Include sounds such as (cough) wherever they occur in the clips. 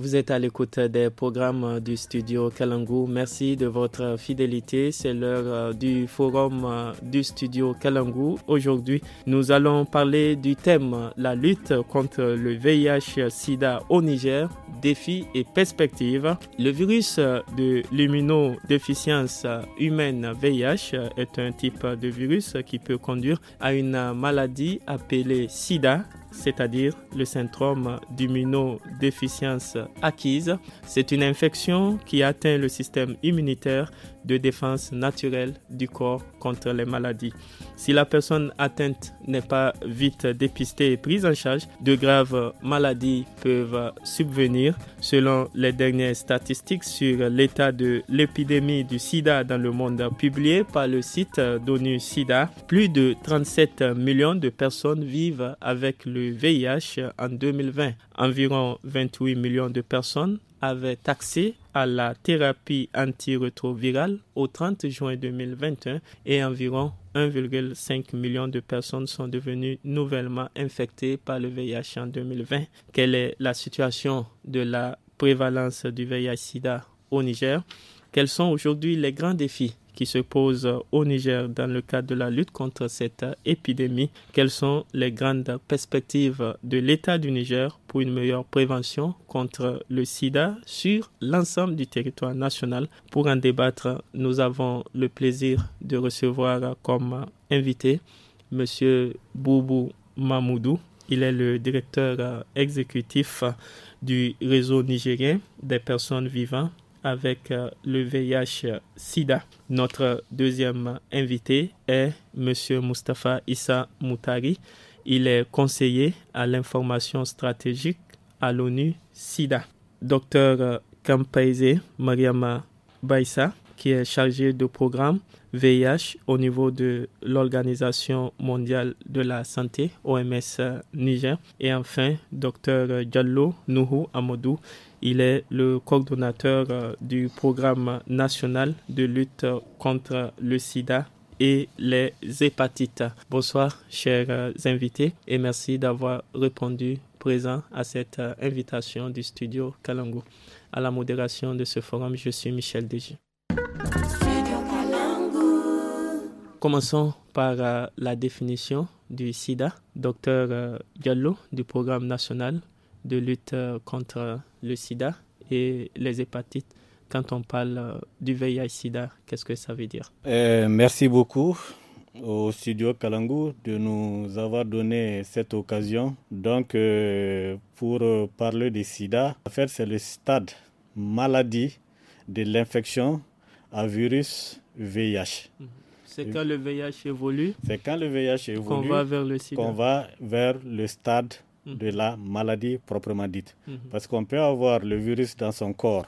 Vous êtes à l'écoute des programmes euh, du studio Kalangu. Merci de votre euh, fidélité. C'est l'heure euh, du forum du studio Kalangu. Aujourd'hui, nous allons parler du thème la lutte contre le VIH-Sida au Niger, défis et perspectives. Le virus de l'immunodéficience humaine VIH est un type de virus qui peut conduire à une maladie appelée Sida c'est-à-dire le syndrome d'immunodéficience acquise. C'est une infection qui atteint le système immunitaire de défense naturelle du corps contre les maladies. Si la personne atteinte n'est pas vite dépistée et prise en charge, de graves maladies peuvent subvenir. Selon les dernières statistiques sur l'état de l'épidémie du sida dans le monde publiées par le site d'ONU Sida, plus de 37 millions de personnes vivent avec le VIH en 2020. Environ 28 millions de personnes avaient accès à la thérapie antirétrovirale au 30 juin 2021 et environ 1,5 million de personnes sont devenues nouvellement infectées par le VIH en 2020. Quelle est la situation de la prévalence du VIH-Sida au Niger. Quels sont aujourd'hui les grands défis qui se posent au Niger dans le cadre de la lutte contre cette épidémie Quelles sont les grandes perspectives de l'État du Niger pour une meilleure prévention contre le sida sur l'ensemble du territoire national Pour en débattre, nous avons le plaisir de recevoir comme invité M. Boubou Mamoudou. Il est le directeur exécutif du réseau nigérien des personnes vivant avec euh, le VIH-Sida. Notre deuxième invité est M. Mustafa Issa Moutari. Il est conseiller à l'information stratégique à l'ONU SIDA. Docteur euh, Kampaise Mariama Baïsa, qui est chargé de programme VIH au niveau de l'Organisation mondiale de la santé, OMS euh, Niger. Et enfin, Docteur Diallo Nuhu Amadou, il est le coordonnateur euh, du programme national de lutte contre le sida et les hépatites. Bonsoir, chers euh, invités, et merci d'avoir répondu présent à cette euh, invitation du studio Kalango. À la modération de ce forum, je suis Michel Deji. Commençons par la définition du sida. Docteur Diallo du programme national de lutte euh, contre le sida et les hépatites. Quand on parle euh, du VIH-Sida, qu'est-ce que ça veut dire euh, Merci beaucoup au studio Kalangu de nous avoir donné cette occasion. Donc, pour parler du sida, en c'est le stade maladie de l'infection à virus VIH. Mhm. C'est quand le VIH évolue C'est quand le VIH évolue qu'on va vers le sida. Qu'on va vers le stade Mm-hmm. de la maladie proprement dite. Mm-hmm. Parce qu'on peut avoir le virus dans son corps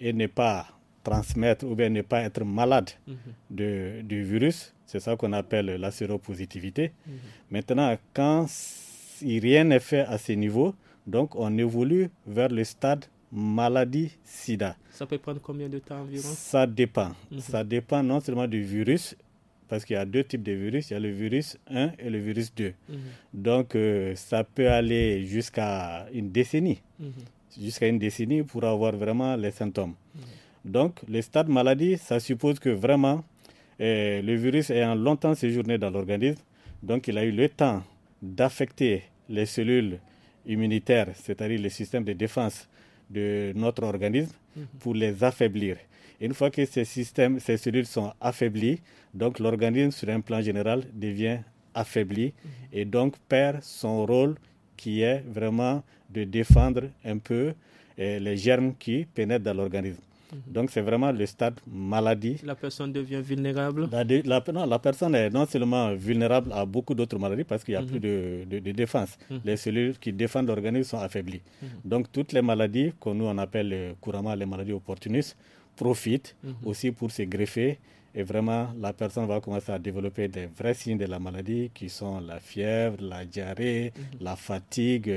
et ne pas transmettre ou bien ne pas être malade mm-hmm. de, du virus. C'est ça qu'on appelle la séropositivité. Maintenant, quand si rien n'est fait à ce niveau, donc on évolue vers le stade maladie sida. Ça peut prendre combien de temps environ Ça dépend. Ça dépend non seulement du virus parce qu'il y a deux types de virus, il y a le virus 1 et le virus 2. Mhm. Donc euh, ça peut aller jusqu'à une décennie, mhm. jusqu'à une décennie pour avoir vraiment les symptômes. Mhm. Donc le stade maladie, ça suppose que vraiment euh, le virus en longtemps séjourné dans l'organisme, donc il a eu le temps d'affecter les cellules immunitaires, c'est-à-dire le système de défense de notre organisme, pour les affaiblir. Une fois que ces systèmes, ces cellules sont affaiblies, donc l'organisme sur un plan général devient affaibli mhm. et donc perd son rôle qui est vraiment de défendre un peu euh, les germes qui pénètrent dans l'organisme. Mhm. Donc c'est vraiment le stade maladie. La personne devient vulnérable la, non, la personne est non seulement vulnérable à beaucoup d'autres maladies parce qu'il n'y a mhm. plus de, défense. Les cellules qui défendent l'organisme sont affaiblies. Donc toutes les maladies que nous on appelle couramment les maladies opportunistes profite mhm. aussi pour se greffer. Et vraiment, la personne va commencer à développer des vrais signes de la maladie qui sont la fièvre, la diarrhée, mhm. la fatigue.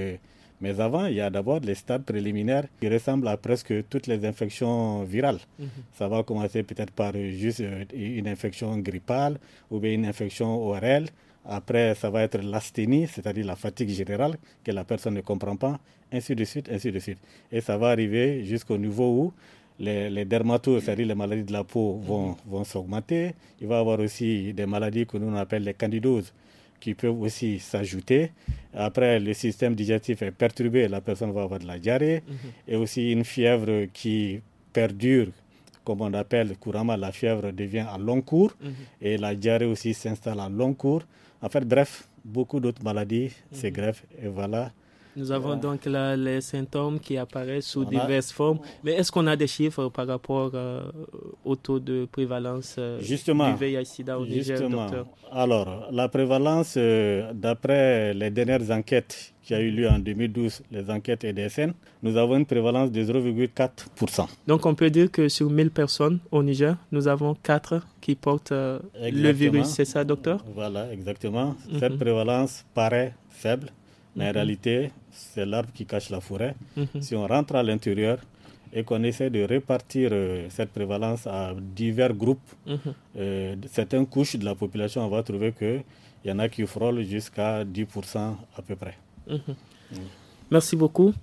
Mais avant, il y a d'abord les stades préliminaires qui ressemblent à presque toutes les infections virales. Mhm. Ça va commencer peut-être par juste euh, une infection grippale ou bien une infection orale. Après, ça va être l'asthénie, c'est-à-dire la fatigue générale que la personne ne comprend pas, ainsi de suite, ainsi de suite. Et ça va arriver jusqu'au niveau où les, dermatoses, c'est-à-dire les maladies de la peau, mhm. vont, s'augmenter. Il va y avoir aussi des maladies que nous appelons appelle les candidoses qui peuvent aussi s'ajouter. Après, le système digestif est perturbé, la personne va avoir de la diarrhée mhm. et aussi une fièvre qui perdure, comme on appelle couramment, la fièvre devient à long cours mhm. et la diarrhée aussi s'installe à long cours. En fait, bref, beaucoup d'autres maladies se greffent et voilà nous avons donc là les symptômes qui apparaissent sous diverses formes. Mais est-ce qu'on a des chiffres par rapport euh, au taux de prévalence euh, du VIH-Sida au Niger, docteur Alors, la prévalence, euh, d'après les dernières enquêtes qui a eu lieu en 2012, les enquêtes EDSN, nous avons une prévalence de 0,4%. Donc, on peut dire que sur 1000 personnes au Niger, nous avons 4 qui portent le virus, c'est ça, docteur Voilà, exactement. Cette mhm. prévalence paraît faible, mais en mhm. réalité, c'est l'arbre qui cache la forêt. Mhm. Si on rentre à l'intérieur et qu'on essaie de répartir euh, cette prévalence à divers groupes, mhm. euh, certaines couches de la population, on va trouver qu'il y en a qui frôlent jusqu'à 10% à peu près. Mhm. Merci beaucoup.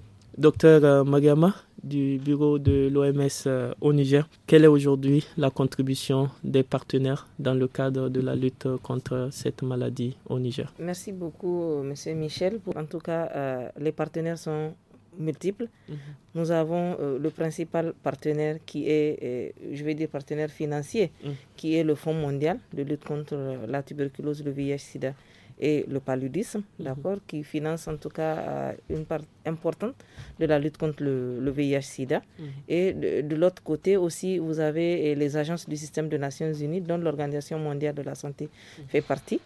Docteur euh, Magama, du bureau de l'OMS euh, au Niger, quelle est aujourd'hui la contribution des partenaires dans le cadre de la lutte contre cette maladie au Niger Merci beaucoup, euh, Monsieur Michel. En tout cas, les partenaires sont multiples. Mhm. Nous avons le principal partenaire qui est, je vais dire partenaire financier, mhm. qui est le Fonds mondial de lutte contre la tuberculose, le VIH-Sida et le paludisme, mhm. d'accord, qui finance en tout cas euh, une part importante de la lutte contre le, VIH-Sida. Mhm. Et de, l'autre côté aussi, vous avez les agences du système des Nations Unies, dont l'Organisation mondiale de la santé mhm. fait partie.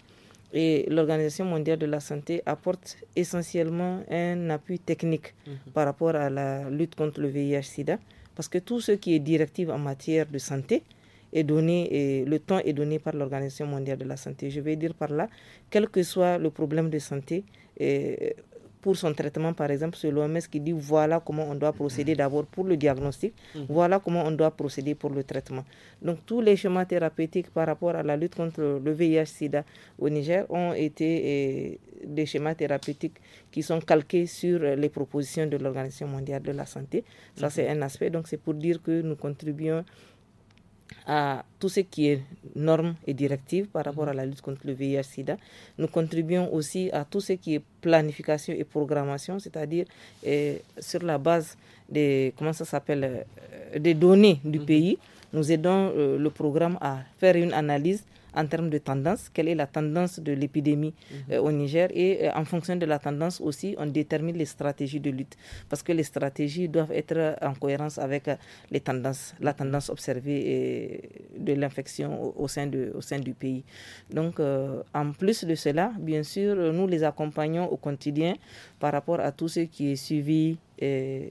Et l'Organisation mondiale de la santé apporte essentiellement un appui technique par rapport à la lutte contre le VIH-Sida, parce que tout ce qui est directive en matière de santé, est donné, et le temps est donné par l'Organisation mondiale de la santé. Je vais dire par là, quel que soit le problème de santé, et pour son traitement, par exemple, c'est l'OMS qui dit voilà comment on doit procéder mm. d'abord pour le diagnostic, mm. voilà comment on doit procéder pour le traitement. Donc tous les schémas thérapeutiques par rapport à la lutte contre le VIH-Sida au Niger ont été des schémas thérapeutiques qui sont calqués sur les propositions de l'Organisation mondiale de la santé. Ça, mm-hmm. c'est un aspect. Donc c'est pour dire que nous contribuons à tout ce qui est normes et directives par rapport à la lutte contre le VIH-Sida. Nous contribuons aussi à tout ce qui est planification et programmation, c'est-à-dire eh, sur la base des comment ça s'appelle euh, des données du mhm. pays, nous aidons euh, le programme à faire une analyse en termes de tendance, quelle est la tendance de l'épidémie mhm. euh, au Niger et euh, en fonction de la tendance aussi, on détermine les stratégies de lutte parce que les stratégies doivent être en cohérence avec euh, les tendances, la mhm. tendance observée de l'infection au, sein de, au sein du pays. Donc, en plus de cela, bien sûr, nous les accompagnons au quotidien par rapport à tout ce qui est suivi. Et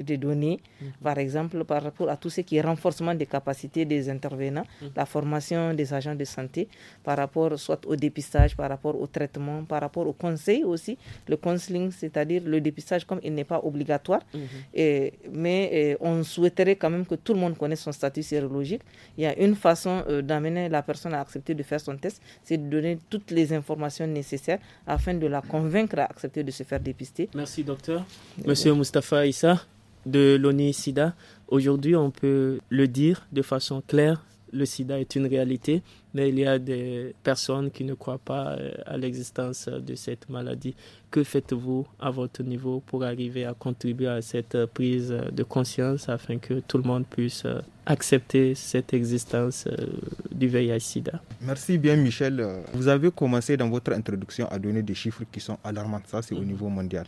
des données, mhm. par exemple par rapport à tout ce qui est renforcement des capacités des intervenants, mhm. la formation des agents de santé, par rapport soit au dépistage, par rapport au traitement, par rapport au conseil aussi, le counseling, c'est-à-dire le dépistage comme il n'est pas obligatoire, mhm. et, mais on souhaiterait quand même que tout le monde connaisse son statut sérologique. Il y a une façon euh, d'amener la personne à accepter de faire son test, c'est de donner toutes les informations nécessaires afin de la convaincre à accepter de se faire dépister. Merci docteur. Monsieur Moustapha Issa de l'ONI-SIDA. Aujourd'hui, on peut le dire de façon claire, le sida est une réalité, mais il y a des personnes qui ne croient pas euh, à l'existence de cette maladie. Que faites-vous à votre niveau pour arriver à contribuer à cette euh, prise de conscience afin que tout le monde puisse euh, accepter cette existence du VIH-Sida Merci bien Michel. Vous avez commencé dans votre introduction à donner des chiffres qui sont alarmants, ça c'est au mm. niveau mondial.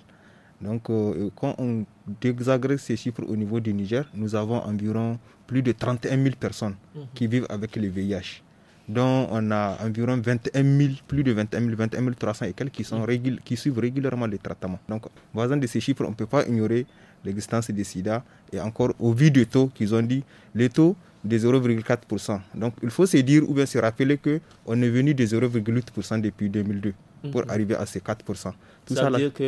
Donc, euh, euh, quand on désagrège ces chiffres au niveau du Niger, nous avons environ plus de 31 000 personnes mhm. qui vivent avec le VIH, dont on a environ 21 000, plus de 21 000, 21 300 et quelques qui, sont mhm. qui suivent régulièrement les traitements. Donc, voisin de ces chiffres, on ne peut pas ignorer l'existence des sida et encore au vu des taux qu'ils ont dit, les taux de 0,4%. Donc, il faut se dire ou bien se rappeler qu'on est venu de 0,8% depuis 2002 mhm. pour arriver à ces 4% ça, veut dire qu'on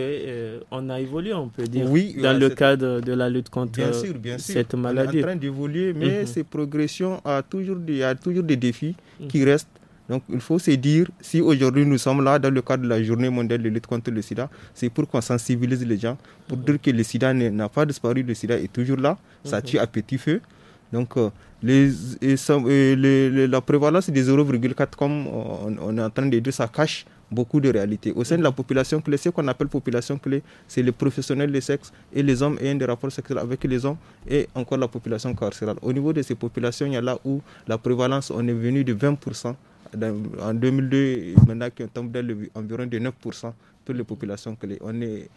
euh, a évolué, on peut dire, oui, dans le cadre de la lutte contre bien sûr, bien euh, sûr. cette maladie. On est en train d'évoluer, mais mhm. ces progressions, a toujours, y a toujours des défis mhm. qui restent. Donc il faut se dire, si aujourd'hui nous sommes là dans le cadre de la journée mondiale de lutte contre le sida, c'est pour qu'on sensibilise les gens, pour mhm. dire que le sida n'a pas disparu, le sida est toujours là, ça tue à petit feu. Donc euh, les, la prévalence des 0,4 comme on, est en train de dire, ça cache beaucoup de réalités. Au sein de la population clé, ce qu'on appelle population clé, c'est les professionnels des sexes et les hommes ayant des rapports sexuels avec les hommes et encore la population carcérale. Au niveau de ces populations, il y a là où la prévalence, on est venu de 20%. En 2002, maintenant qu'on tombe dans environ de 9% pour les populations clés. On est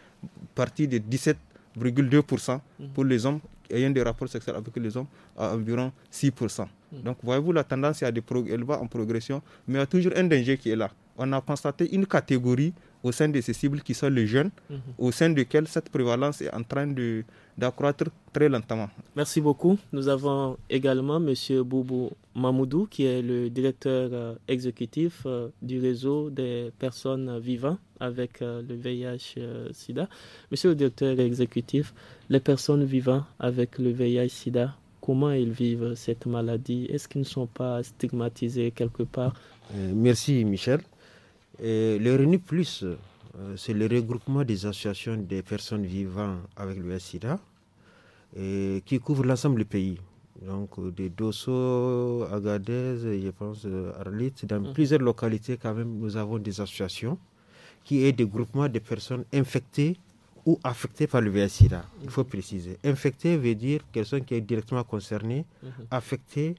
parti de 17,2% mmh. pour les hommes ayant des rapports sexuels avec les hommes à environ 6%. Mmh. Donc voyez-vous, la tendance elle va en progression, mais il y a toujours un danger qui est là on a constaté une catégorie au sein de ces cibles qui sont les jeunes, mhm. au sein duquel cette prévalence est en train de, d'accroître très lentement. Merci beaucoup. Nous avons également M. Boubou Mamoudou, qui est le directeur euh, exécutif euh, du réseau des personnes vivant avec euh, le VIH-Sida. Monsieur le directeur exécutif, les personnes vivant avec le VIH-Sida, comment ils vivent cette maladie Est-ce qu'ils ne sont pas stigmatisés quelque part Merci, Michel le RENU Plus, euh, c'est le regroupement des associations des personnes vivant avec le sida qui couvre l'ensemble du pays. Donc, euh, des Dosso, Agadez, je pense, euh, Arlit, dans mhm. plusieurs localités, quand même, nous avons des associations qui est des groupements de personnes infectées ou affectées par le vih Il faut mhm. préciser. Infectées veut dire personne qui est directement concernée, mhm. affectée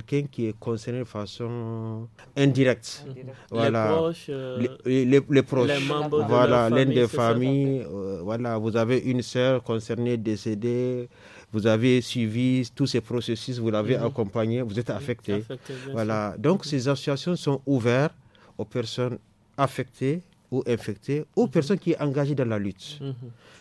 quelqu'un qui est concerné de façon indirecte. Mhm. Voilà. Euh, les proches. les, les, voilà, l'un des familles. Euh, voilà, vous avez une sœur concernée, décédée. Vous avez suivi tous ces processus, vous l'avez mhm. accompagnée, vous êtes mhm. affecté. voilà. Donc, ces associations sont ouvertes aux personnes affectées ou infectés, ou mhm. personne qui est engagée dans la lutte. Mhm.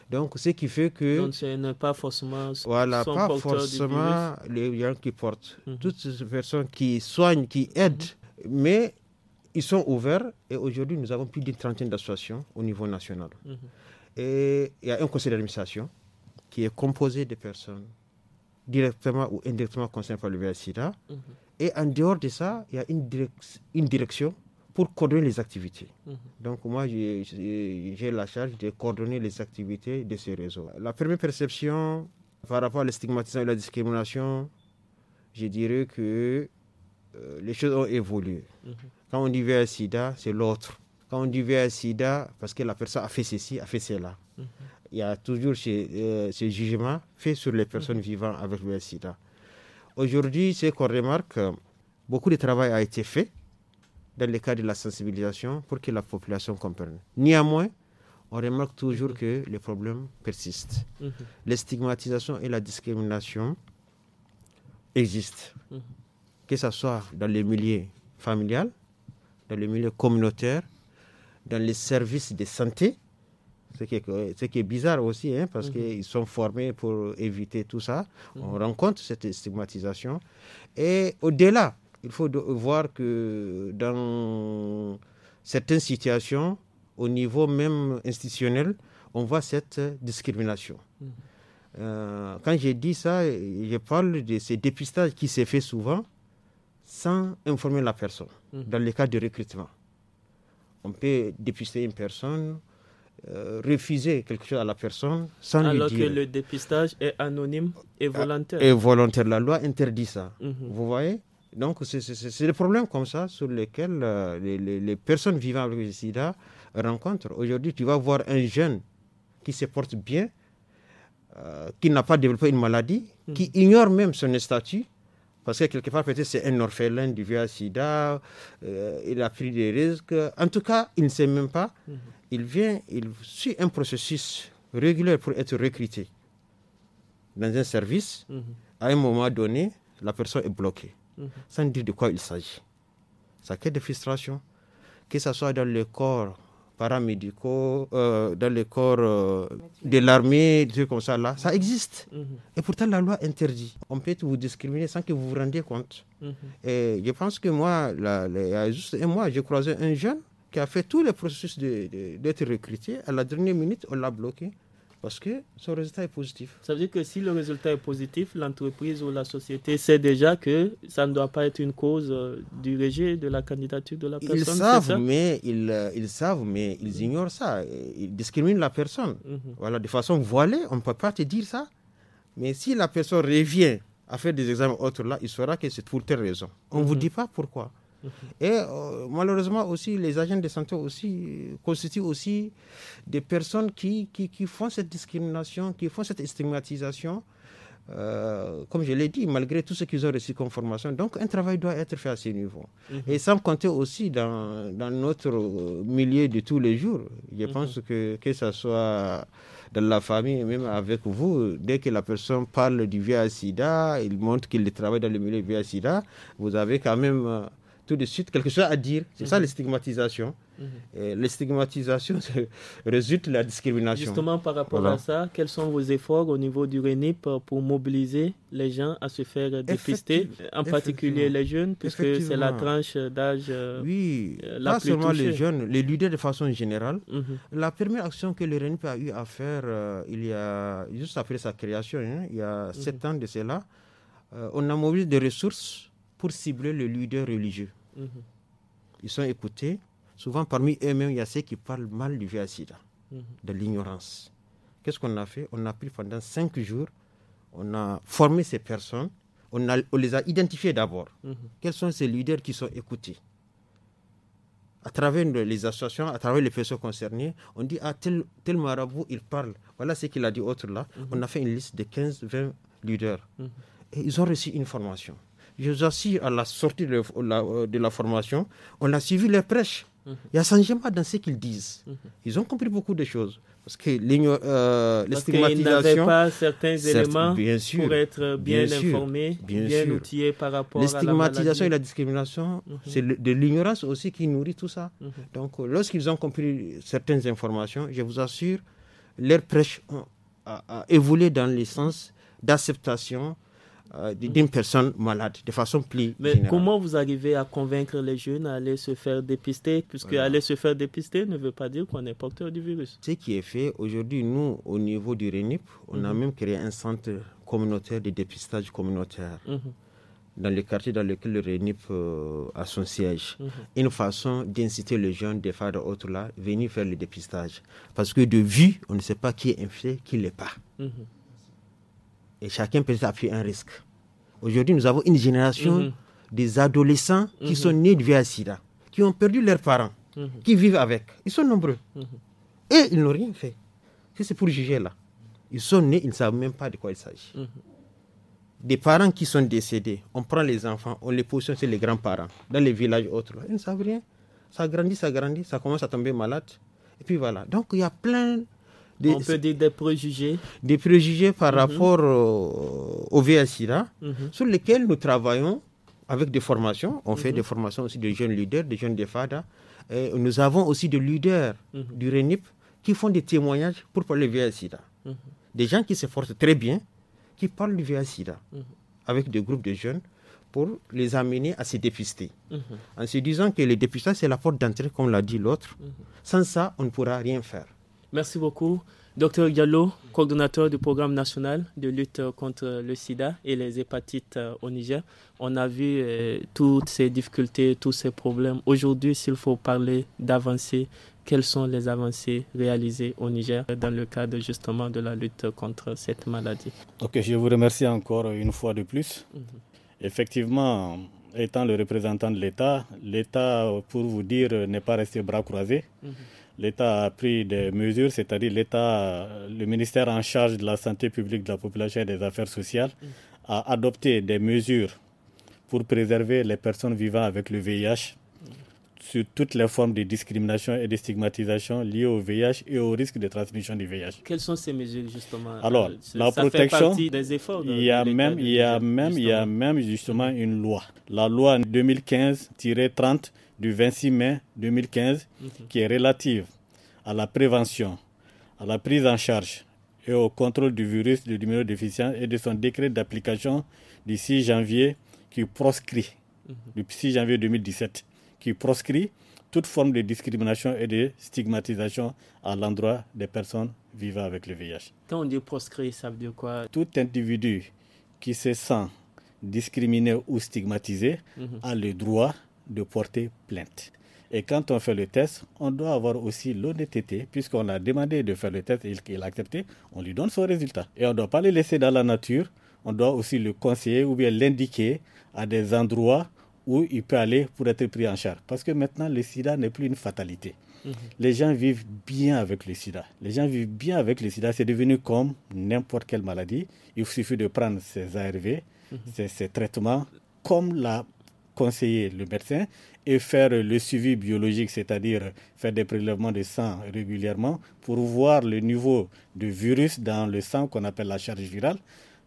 Donc, ce qui fait que. Donc, ce n'est pas forcément. Voilà, pas forcément les gens qui portent. Mhm. Toutes ces personnes qui soignent, qui aident, mais ils sont ouverts. Et aujourd'hui, nous avons plus d'une trentaine d'associations au niveau national. Et il y a un conseil d'administration qui est composé de personnes directement ou indirectement concernées par le Et en dehors de ça, il y a une, une direction pour coordonner les activités. Mhm. Donc moi, j'ai la charge de coordonner les activités de ce réseau. La première perception par rapport à la stigmatisation et la discrimination, je dirais que euh, les choses ont évolué. Mhm. Quand on dit vers sida, c'est l'autre. Quand on dit vers sida, parce que la personne a fait ceci, a fait cela. Mhm. Il y a toujours ce, euh, jugement fait sur les personnes vivant avec le sida. Aujourd'hui, c'est qu'on remarque, beaucoup de travail a été fait dans le cadre de la sensibilisation pour que la population comprenne. Néanmoins, on remarque toujours mhm. que les problèmes persistent. Mhm. Les stigmatisations et la discrimination existent, mhm. que ce soit dans les milieu familial, dans le milieu communautaire, dans les services de santé, ce qui est, bizarre aussi, hein, parce qu'ils sont formés pour éviter tout ça. On rencontre cette stigmatisation. Et au-delà, il faut voir que dans certaines situations, au niveau même institutionnel, on voit cette discrimination. Mm-hmm. Euh, quand j'ai dit ça, je parle de ces dépistages qui se fait souvent sans informer la personne. Mm-hmm. Dans le cas de recrutement, on peut dépister une personne, euh, refuser quelque chose à la personne sans lui dire. Alors que le dépistage est anonyme et ah, volontaire. Et volontaire, la loi interdit ça. Mm-hmm. Vous voyez donc, c'est des problèmes comme ça sur lesquels euh, les, personnes vivant avec le sida rencontrent. Aujourd'hui, tu vas voir un jeune qui se porte bien, euh, qui n'a pas développé une maladie, hmm. qui ignore même son statut, parce que quelque part, peut-être c'est un orphelin du VIH sida, euh, il a pris des risques. En tout cas, il ne sait même pas. Hmm. Il vient, il suit un processus régulier pour être recruté dans un service. Hmm. À un moment donné, la personne est bloquée. Mhm. sans dire de quoi il s'agit. Ça crée des frustrations, que ce soit dans le corps paramédicaux, euh, dans le corps euh, de l'armée, des trucs comme ça, là, ça existe. Mhm. Et pourtant, la loi interdit. On peut vous discriminer sans que vous vous rendiez compte. Mhm. Et je pense que moi, juste j'ai croisé un jeune qui a fait tous les processus d'être recruté. À la dernière minute, on l'a bloqué parce que son résultat est positif. Ça veut dire que si le résultat est positif, l'entreprise ou la société sait déjà que ça ne doit pas être une cause euh, du rejet de la candidature de la personne. Euh, ils savent, mais ils, ils savent, mais ils ignorent ça. Ils discriminent la personne. Mhm. Voilà, de façon voilée, on ne peut pas te dire ça. Mais si la personne revient à faire des examens autres là, il saura que c'est pour telle raison. On ne vous mhm. dit pas pourquoi. Et euh, malheureusement aussi, les agents de santé aussi euh, constituent aussi des personnes qui, qui, qui font cette discrimination, qui font cette stigmatisation. Euh, comme je l'ai dit, malgré tout ce qu'ils ont reçu comme formation. Donc, un travail doit être fait à ce niveau. Mhm. Et sans compter aussi dans, dans, notre milieu de tous les jours. Je mhm. pense que, que ce soit dans la famille, même avec vous, dès que la personne parle du VIH-Sida, il montre qu'il travaille dans le milieu VIH-Sida, vous avez quand même tout de suite quelque chose à dire. C'est ça mhm. les stigmatisations. Mhm. les stigmatisations (laughs) résultent de la discrimination. Justement, par rapport à ça, quels sont vos efforts au niveau du RENIP pour mobiliser les gens à se faire euh, dépister, en particulier les jeunes, puisque c'est la tranche d'âge euh, oui, pas seulement les jeunes, les leaders de façon générale. Mhm. La première action que le RENIP a eu à faire, euh, il y a juste après sa création, hein, il y a sept ans de cela, on a mobilisé des ressources pour cibler le leader religieux. Mhm. Ils sont écoutés. Souvent, parmi eux-mêmes, il y a ceux qui parlent mal du vih mhm. de l'ignorance. Qu'est-ce qu'on a fait On a pris pendant cinq jours, on a formé ces personnes, on, les a identifiées d'abord. Mhm. Quels sont ces leaders qui sont écoutés à travers les associations, à travers les personnes concernées, on dit ah, tel, marabout, il parle. Voilà ce qu'il a dit autre là. On a fait une liste de 15-20 leaders. Et ils ont reçu une formation je vous assure, à la sortie euh, de la, formation, on a suivi les prêches. Mhm. Il y a changement dans ce qu'ils disent. Mhm. Ils ont compris beaucoup de choses. Parce que euh, ils pas certains éléments pour être bien, informés, bien, outillés par rapport à la stigmatisation et la discrimination, mhm. c'est de l'ignorance aussi qui nourrit tout ça. Donc, euh, lorsqu'ils ont compris certaines informations, je vous assure, leurs prêches ont évolué dans le sens d'acceptation, euh, d'une personne malade de façon plus Mais comment vous arrivez à convaincre les jeunes à aller se faire dépister Puisque aller se faire dépister ne veut pas dire qu'on est porteur du virus. Ce qui est fait, aujourd'hui, nous, au niveau du RENIP, on a mhm. même créé un centre communautaire de dépistage communautaire. Mhm. dans le quartier dans lequel le RENIP euh, a son siège. Mhm. Une façon d'inciter les jeunes de faire de autres là, venir faire le dépistage. Parce que de vue, on ne sait pas qui est infecté, qui ne l'est pas. Et chacun peut appuyer un risque. Aujourd'hui, nous avons une génération mhm. des adolescents qui mhm. sont nés de VIH-Sida, qui ont perdu leurs parents, mhm. qui vivent avec. Ils sont nombreux. Et ils n'ont rien fait. c'est pour juger là. Ils sont nés, ils ne savent même pas de quoi il s'agit. Des parents qui sont décédés, on prend les enfants, on les positionne chez les grands-parents, dans les villages autres. Ils ne savent rien. Ça grandit, ça grandit, ça commence à tomber malade. Et puis voilà. Donc il y a plein on peut dire des préjugés. Des préjugés par mhm. rapport euh, au, VSIRA, mhm. sur lesquels nous travaillons avec des formations. On fait mhm. des formations aussi de jeunes leaders, des jeunes de FADA. nous avons aussi des leaders du RENIP qui font des témoignages pour parler du VSIRA. Des gens qui se forcent très bien, qui parlent du VSIRA, avec des groupes de jeunes pour les amener à se dépister. En se disant que le dépistage, c'est la porte d'entrée, comme l'a dit l'autre. Sans ça, on ne pourra rien faire. Merci beaucoup. Docteur Gallo, coordonnateur du programme national de lutte contre le sida et les hépatites euh, au Niger. On a vu euh, toutes ces difficultés, tous ces problèmes. Aujourd'hui, s'il faut parler d'avancées, quelles sont les avancées réalisées au Niger dans le cadre justement de la lutte contre cette maladie Ok, je vous remercie encore une fois de plus. Mhm. Effectivement, étant le représentant de l'État, l'État, pour vous dire, n'est pas resté bras croisés. Mhm l'État a pris des mesures, c'est-à-dire l'État, le ministère en charge de la santé publique, de la population et des affaires sociales, a adopté des mesures pour préserver les personnes vivant avec le VIH sur toutes les formes de discrimination et de stigmatisation liées au VIH et au risque de transmission du VIH. Quelles sont ces mesures justement Alors, euh, la protection, il y a même, il y a même, justement. il y a même justement une loi, la loi 2015-30 du 26 mai 2015, qui est relative à la prévention, à la prise en charge et au contrôle du virus du de l'immunodéficience et de son décret d'application du 6 janvier qui proscrit, mhm. du 6 janvier 2017 qui proscrit toute forme de discrimination et de stigmatisation à l'endroit des personnes vivant avec le VIH. Quand on dit proscrit, ça veut dire quoi Tout individu qui se sent discriminé ou stigmatisé mhm. a le droit de porter plainte. Et quand on fait le test, on doit avoir aussi l'honnêteté, puisqu'on a demandé de faire le test et qu'il a accepté, on lui donne son résultat. Et on ne doit pas le laisser dans la nature, on doit aussi le conseiller ou bien l'indiquer à des endroits où il peut aller pour être pris en charge. Parce que maintenant, le sida n'est plus une fatalité. Mhm. Les gens vivent bien avec le sida. Les gens vivent bien avec le sida. C'est devenu comme n'importe quelle maladie. Il suffit de prendre ses ARV, mhm. ses, traitements, comme l'a conseillé le médecin, et faire le suivi biologique, c'est-à-dire faire des prélèvements de sang régulièrement pour voir le niveau de virus dans le sang qu'on appelle la charge virale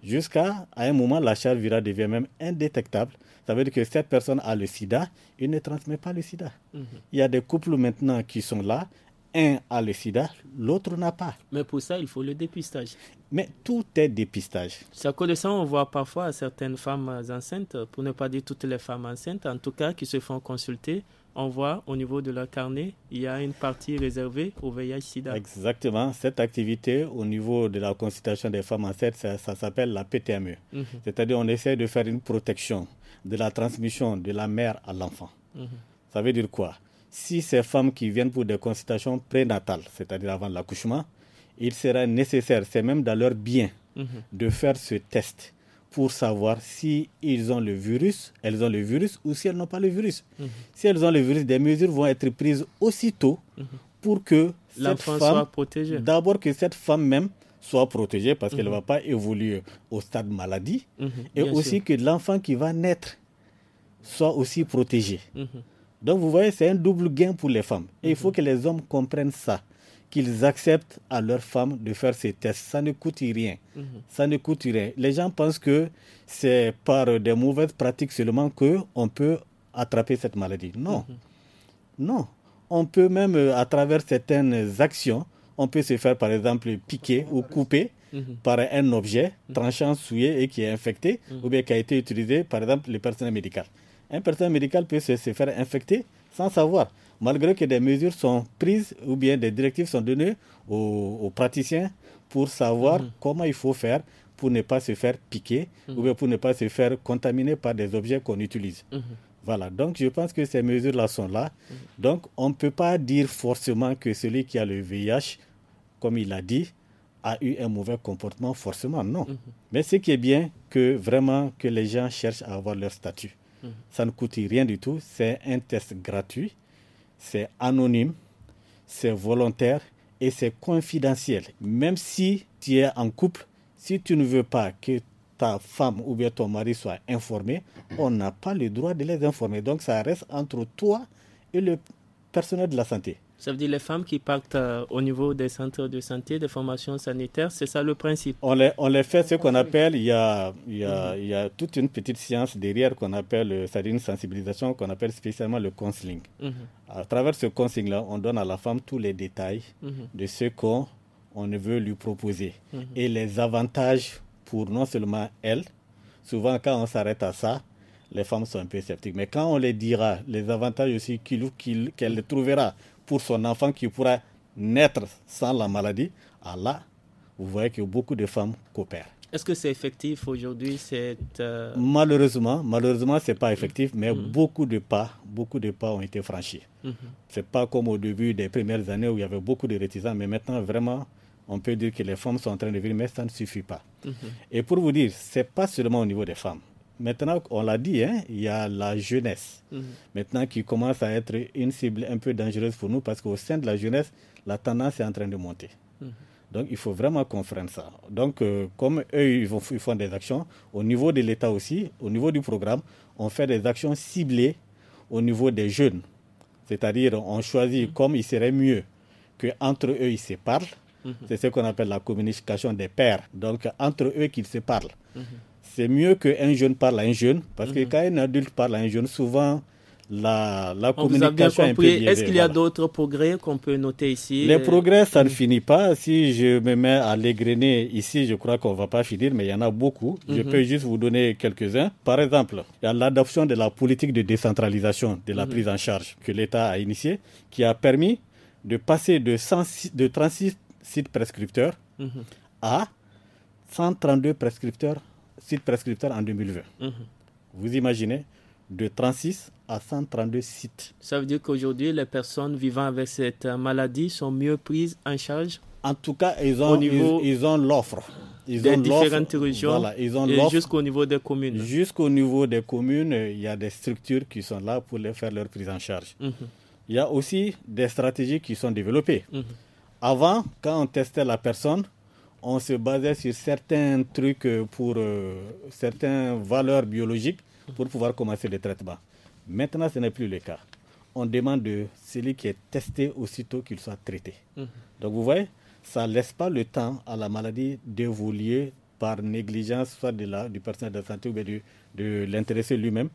jusqu'à à un moment la charge virale devient même indétectable. Ça veut dire que cette personne a le sida, il ne transmet pas le sida. Mhm. Il y a des couples maintenant qui sont là, un a le sida, l'autre n'a pas. Mais pour ça, il faut le dépistage. Mais tout est dépistage. C'est de ça, on voit parfois certaines femmes enceintes, pour ne pas dire toutes les femmes enceintes, en tout cas, qui se font consulter on voit au niveau de leur carnet, il y a une partie réservée au VIH-Sida. Exactement. Cette activité au niveau de la consultation des femmes enceintes, ça, ça s'appelle la PTME. Mhm. C'est-à-dire on essaie de faire une protection de la transmission de la mère à l'enfant. Mhm. Ça veut dire quoi Si ces femmes qui viennent pour des consultations prénatales, c'est-à-dire avant l'accouchement, il sera nécessaire, c'est même dans leur bien, mhm. de faire ce test pour savoir si ils ont le virus, elles ont le virus ou si elles n'ont pas le virus. Mhm. Si elles ont le virus, des mesures vont être prises aussitôt mhm. pour que cette femme soit protégée. D'abord que cette femme même soit protégée parce qu'elle ne mhm. va pas évoluer au stade maladie et aussi que l'enfant qui va naître soit aussi protégé. Donc vous voyez, c'est un double gain pour les femmes et il faut que les hommes comprennent ça qu'ils acceptent à leur femme de faire ces tests. Ça ne coûte rien. Mhm. Ça ne coûte rien. Les gens pensent que c'est par des mauvaises pratiques seulement qu'on peut attraper cette maladie. Non. Mhm. Non. On peut même, euh, à travers certaines actions, on peut se faire, par exemple, piquer ou couper mhm. par un objet tranchant, souillé et qui est infecté, ou bien qui a été utilisé, par exemple, le personnel médical. Un personnel médical peut se faire infecter sans savoir malgré que des mesures sont prises ou bien des directives sont données aux, praticiens pour savoir mhm. comment il faut faire pour ne pas se faire piquer mhm. ou bien pour ne pas se faire contaminer par des objets qu'on utilise. Mhm. Voilà, donc je pense que ces mesures-là sont là. Donc on ne peut pas dire forcément que celui qui a le VIH, comme il l'a dit, a eu un mauvais comportement, forcément, non. Mais ce qui est bien, que vraiment que les gens cherchent à avoir leur statut. Ça ne coûte rien du tout, c'est un test gratuit c'est anonyme, c'est volontaire et c'est confidentiel. Même si tu es en couple, si tu ne veux pas que ta femme ou bien ton mari soit informé, on n'a pas le droit de les informer. Donc ça reste entre toi et le personnel de la santé. Ça veut dire les femmes qui partent euh, au niveau des centres de santé, des formations sanitaires, c'est ça le principe On les, fait ce qu'on appelle, il y, a, il, y a, mm-hmm. il y a toute une petite science derrière qu'on appelle, euh, cest une sensibilisation qu'on appelle spécialement le counseling. Mm-hmm. À travers ce counseling-là, on donne à la femme tous les détails mm-hmm. de ce qu'on veut lui proposer et les avantages pour non seulement elle, souvent quand on s'arrête à ça, les femmes sont un peu sceptiques. Mais quand on les dira, les avantages aussi qu'elle trouvera pour son enfant qui pourra naître sans la maladie, Allah, vous voyez que beaucoup de femmes coopèrent. Est-ce que c'est effectif aujourd'hui euh, Malheureusement, malheureusement, n'est pas effectif, mais mhm. beaucoup de pas, beaucoup de pas ont été franchis. Ce mhm. C'est pas comme au début des premières années où il y avait beaucoup de réticents, mais maintenant vraiment, on peut dire que les femmes sont en train de vivre, mais ça ne suffit pas. Mhm. Et pour vous dire, ce n'est pas seulement au niveau des femmes. Maintenant, on l'a dit, hein, il y a la jeunesse, mhm. maintenant qui commence à être une cible un peu dangereuse pour nous parce qu'au sein de la jeunesse, la tendance est en train de monter. Mhm. Donc, il faut vraiment qu'on freine ça. Donc, euh, comme eux, ils, font des actions, au niveau de l'État aussi, au niveau du programme, on fait des actions ciblées au niveau des jeunes. C'est-à-dire, on choisit mhm. comme il serait mieux qu'entre eux, ils se parlent. C'est ce qu'on appelle la communication des pères. Donc, entre eux, qu'ils se parlent c'est mieux qu'un jeune parle à un jeune, parce que mhm. quand un adulte parle à un jeune, souvent, la, communication est plus Est-ce qu'il y a d'autres progrès qu'on peut noter ici Les progrès, ça ne mhm. finit pas. Si je me mets à les ici, je crois qu'on ne va pas finir, mais il y en a beaucoup. Je mhm. peux juste vous donner quelques-uns. Par exemple, il y a l'adoption de la politique de décentralisation de la prise en charge que l'État a initiée, qui a permis de passer de, de 36 sites prescripteurs à 132 prescripteurs sites prescripteurs en 2020. Mhm. Vous imaginez de 36 à 132 sites. Ça veut dire qu'aujourd'hui, les personnes vivant avec cette maladie sont mieux prises en charge En tout cas, ils ont l'offre. Ils, ils, ont l'offre. Des différentes régions ils ont jusqu'au niveau des communes. Jusqu'au niveau des communes, il y a des structures qui sont là pour les faire leur prise en charge. Mhm. Il y a aussi des stratégies qui sont développées. Mhm. Avant, quand on testait la personne, on se basait sur certains trucs euh, pour euh, certaines valeurs biologiques pour pouvoir commencer le traitement. Maintenant, ce n'est plus le cas. On demande de celui qui est testé aussitôt qu'il soit traité. Mhm. Donc vous voyez, ça ne laisse pas le temps à la maladie de d'évoluer par négligence, soit de la, du personnel de santé ou de, de l'intéressé lui-même.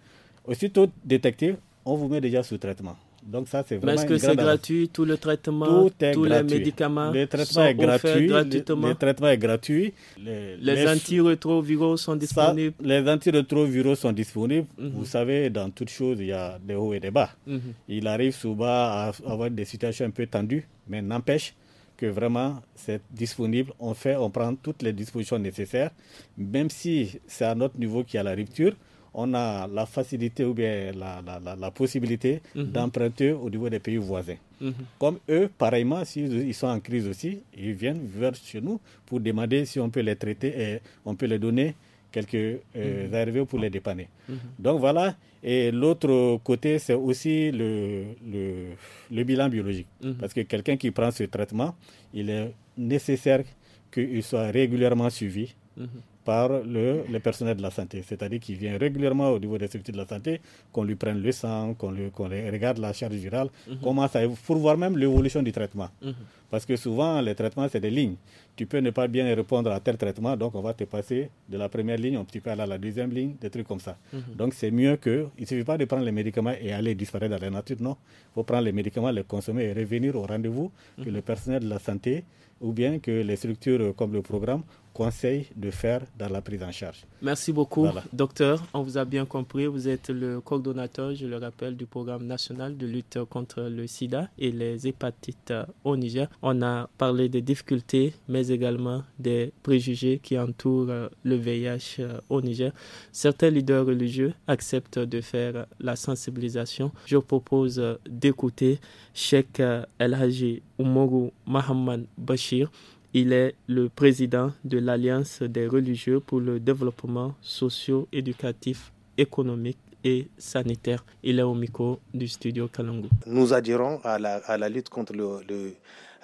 Aussitôt détecté, on vous met déjà sous traitement. Donc ça, c'est vraiment. Mais est-ce que c'est gratuit tout le traitement, tous les médicaments Le traitement est gratuit. Le, traitement est gratuit. Les, antirétroviraux sont disponibles. les antirétroviraux sont disponibles. Mhm. Vous savez, dans toute chose, il y a des hauts et des bas. Mhm. Il arrive souvent à avoir des situations un peu tendues, mais n'empêche que vraiment c'est disponible. On fait, on prend toutes les dispositions nécessaires, même si c'est à notre niveau qu'il y a la rupture on a la facilité ou bien la, possibilité mhm. d'emprunter au niveau des pays voisins. Mhm. Comme eux, pareillement, s'ils ils sont en crise aussi, ils viennent vers chez nous pour demander si on peut les traiter et on peut les donner quelques euh, mhm. pour les dépanner. Donc voilà. Et l'autre côté, c'est aussi le, le, bilan biologique. Parce que quelqu'un qui prend ce traitement, il est nécessaire qu'il soit régulièrement suivi par le, personnel de la santé, c'est-à-dire qu'il vient régulièrement au niveau des structures de la santé, qu'on lui prenne le sang, qu'on lui regarde la charge virale, mhm. comment pour voir même l'évolution du traitement. Mhm. Parce que souvent, les traitements, c'est des lignes. Tu peux ne pas bien répondre à tel traitement, donc on va te passer de la première ligne, on peut aller à la deuxième ligne, des trucs comme ça. Mhm. Donc c'est mieux que, il ne suffit pas de prendre les médicaments et aller disparaître dans la nature, non. Il faut prendre les médicaments, les consommer et revenir au rendez-vous que le personnel de la santé ou bien que les structures euh, comme le programme conseil de faire dans la prise en charge. Merci beaucoup, docteur. On vous a bien compris. Vous êtes le coordonnateur, je le rappelle, du programme national de lutte contre le sida et les hépatites au Niger. On a parlé des difficultés, mais également des préjugés qui entourent le VIH au Niger. Certains leaders religieux acceptent de faire la sensibilisation. Je propose d'écouter Sheikh El Haji Umoru Mahamman Bashir. Il est le président de l'Alliance des religieux pour le développement socio-éducatif, économique et sanitaire. Il est au micro du studio Kalangu. Nous adhérons à la, lutte contre le, le,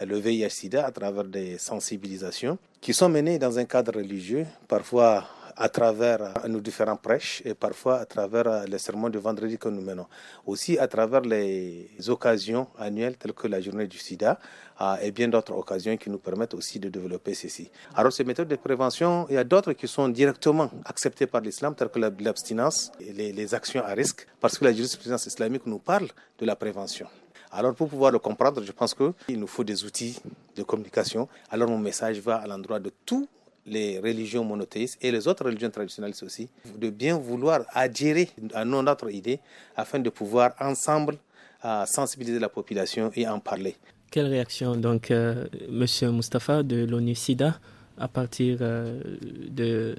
le VIH-Sida à travers des sensibilisations qui sont menées dans un cadre religieux, parfois à travers nos différents prêches et parfois à travers euh, les sermons de vendredi que nous menons. Aussi à travers les occasions annuelles telles que la journée du sida euh, et bien d'autres occasions qui nous permettent aussi de développer ceci. Alors ces méthodes de prévention, il y a d'autres qui sont directement acceptées par l'islam telles que l'abstinence et les, actions à risque parce que la jurisprudence islamique nous parle de la prévention. Alors pour pouvoir le comprendre, je pense qu'il nous faut des outils de communication. Alors mon message va à l'endroit de tout les religions monothéistes et les autres religions traditionnelles aussi, de bien vouloir adhérer à notre idée afin de pouvoir ensemble euh, sensibiliser la population et en parler. Quelle réaction donc, euh, Monsieur de l'ONU SIDA à partir euh, de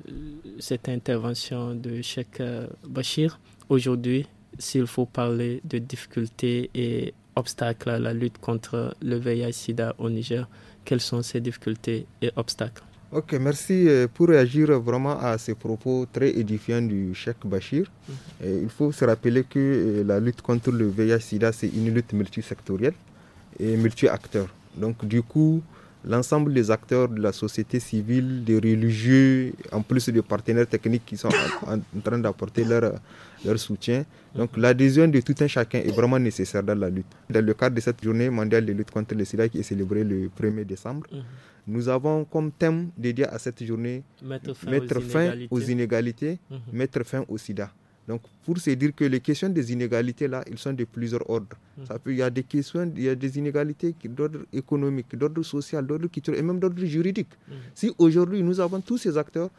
cette intervention de Cheikh Bachir aujourd'hui, s'il faut parler de difficultés et obstacles à la lutte contre le VIH/SIDA au Niger, quelles sont ces difficultés et obstacles Ok, merci euh, pour réagir vraiment à ces propos très édifiants du Cheikh Bachir. Mhm. Euh, il faut se rappeler que euh, la lutte contre le VIH-Sida, c'est une lutte multisectorielle et multi-acteurs. Donc, du coup, l'ensemble des acteurs de la société civile, des religieux, en plus des partenaires techniques qui sont en, train d'apporter leur, leur soutien. Donc mhm. l'adhésion de tout un chacun est vraiment nécessaire dans la lutte. Dans le cadre de cette journée mondiale de lutte contre le sida qui est célébrée le 1er décembre, mhm. Nous avons comme thème dédié à cette journée mettre fin, aux, inégalités. Mhm. mettre fin au sida. Donc, pour se dire que les questions des inégalités, là, ils sont de plusieurs ordres. Mhm. Ça il y a des questions, il y a des inégalités d'ordre économique, d'ordre social, d'ordre culturel et même d'ordre juridique. Mhm. Si aujourd'hui, nous avons tous ces acteurs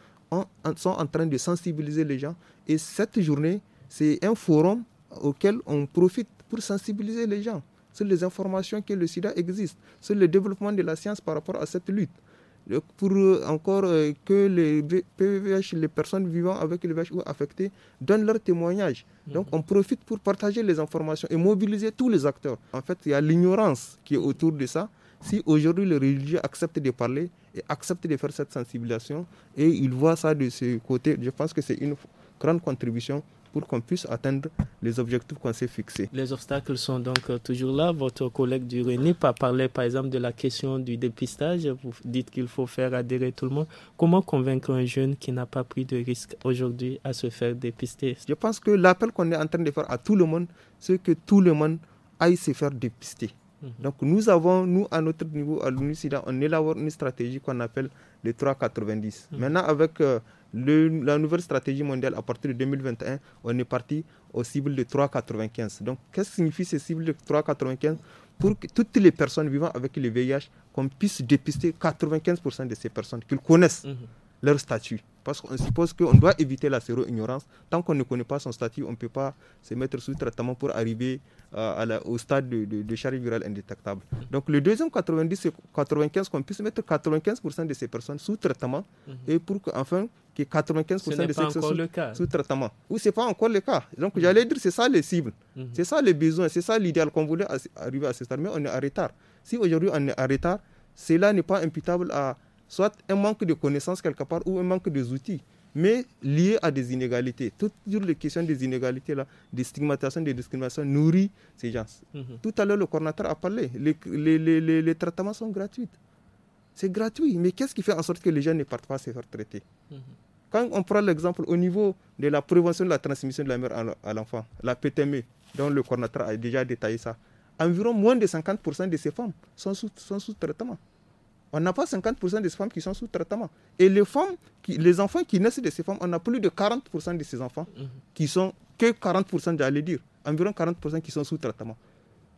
sont en train de sensibiliser les gens et cette journée, c'est un forum auquel on profite pour sensibiliser les gens sur les informations que le sida existe, sur le développement de la science par rapport à cette lutte. Pour euh, encore euh, que les PVH, les personnes vivant avec le VIH ou affectées, donnent leur témoignage. Donc mhm. on profite pour partager les informations et mobiliser tous les acteurs. En fait, il y a l'ignorance qui est autour de ça. Si aujourd'hui les religieux acceptent de parler et acceptent de faire cette sensibilisation et ils voient ça de ce côté, je pense que c'est une grande contribution pour qu'on puisse atteindre les objectifs qu'on s'est fixés. Les obstacles sont donc euh, toujours là. Votre collègue du RENIP a parlé par exemple de la question du dépistage. Vous dites qu'il faut faire adhérer tout le monde. Comment convaincre un jeune qui n'a pas pris de risque aujourd'hui à se faire dépister Je pense que l'appel qu'on est en train de faire à tout le monde, c'est que tout le monde aille se faire dépister. Mhm. Donc nous avons, nous, à notre niveau, à l'UNICIDA, on élabore une stratégie qu'on appelle les 390. Mhm. Maintenant, avec euh, la nouvelle stratégie mondiale à partir de 2021, on est parti aux cibles de 3,95. Donc, qu'est-ce que signifie ces cibles de 3,95 pour que toutes les personnes vivant avec le VIH, qu'on puisse dépister 95% de ces personnes, qu'ils connaissent mhm. leur statut, parce qu'on suppose qu'on doit éviter la séro-ignorance. Tant qu'on ne connaît pas son statut, on ne peut pas se mettre sous traitement pour arriver euh, au stade de, de, charge virale indétectable. Donc le deuxième 90, c'est 95, qu'on puisse mettre 95% de ces personnes sous traitement mhm. et pour qu'enfin, que 95% de ces personnes sous, sous, traitement. Ou ce n'est pas encore le cas. Donc mhm. j'allais dire, c'est ça les cibles, mhm. c'est ça les besoins, c'est ça l'idéal qu'on voulait arriver à ce stade. Mais on est en retard. Si aujourd'hui on est en retard, cela n'est pas imputable à soit un manque de connaissances quelque part ou un manque d'outils, outils, mais lié à des inégalités. Toutes les questions des inégalités, là, des stigmatisations, des discriminations nourrit ces gens. Mhm. Tout à l'heure, le coordinateur a parlé, les, les, traitements sont gratuits. C'est gratuit, mais qu'est-ce qui fait en sorte que les gens ne partent pas se faire traiter mhm. Quand on prend l'exemple au niveau de la prévention de la transmission de la mère à l'enfant, la PTME, dont le coordinateur a déjà détaillé ça, environ moins de 50% de ces femmes sont sont sous traitement on n'a pas 50% des femmes qui sont sous traitement. Et les femmes, les enfants qui naissent de ces femmes, on a plus de 40% de ces enfants mhm. qui sont que 40%, j'allais dire, environ 40% qui sont sous traitement.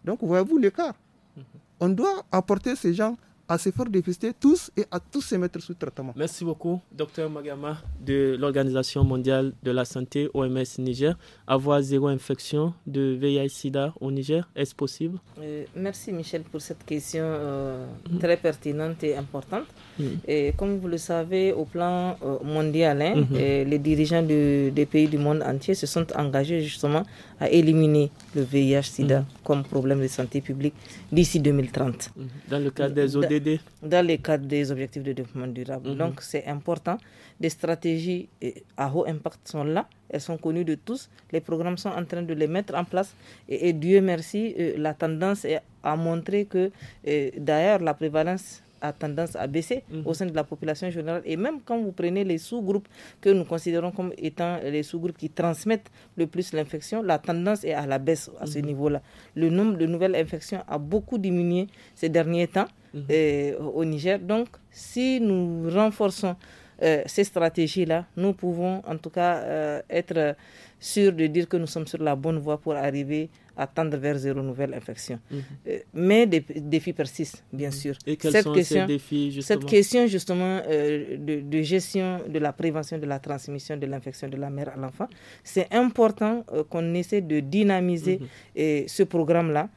Donc, voyez-vous l'écart. Mhm. On doit apporter ces gens à s'efforcer de dépister tous et à tous se mettre sous traitement. Merci beaucoup, docteur Magama de l'Organisation mondiale de la santé OMS Niger. Avoir zéro infection de VIH/SIDA au Niger, est-ce possible euh, Merci Michel pour cette question euh, mm-hmm. très pertinente et importante. Mm-hmm. Et comme vous le savez, au plan euh, mondial, hein, mm-hmm. les dirigeants de, des pays du monde entier se sont engagés justement à éliminer le VIH/SIDA comme problème de santé publique d'ici 2030. Dans le cadre des ODD dans les cadre des objectifs de développement durable. Mhm. Donc c'est important. Des stratégies euh, à haut impact sont là, elles sont connues de tous. Les programmes sont en train de les mettre en place. Et, Dieu merci, euh, la tendance est à montrer que euh, d'ailleurs la prévalence a tendance à baisser mhm. au sein de la population générale. Et même quand vous prenez les sous-groupes que nous considérons comme étant les sous-groupes qui transmettent le plus l'infection, la tendance est à la baisse à ce mhm. niveau-là. Le nombre de nouvelles infections a beaucoup diminué ces derniers temps mhm. euh, au Niger. Donc, si nous renforçons euh, ces stratégies-là, nous pouvons en tout cas euh, être sûrs de dire que nous sommes sur la bonne voie pour arriver à vers zéro nouvelle infection. Mhm. Euh, mais des défis persistent, bien mhm. sûr. Et quels cette sont ces défis, justement Cette question, justement, euh, de, gestion de la prévention de la transmission de l'infection de la mère à l'enfant, c'est important euh, qu'on essaie de dynamiser mhm. ce programme-là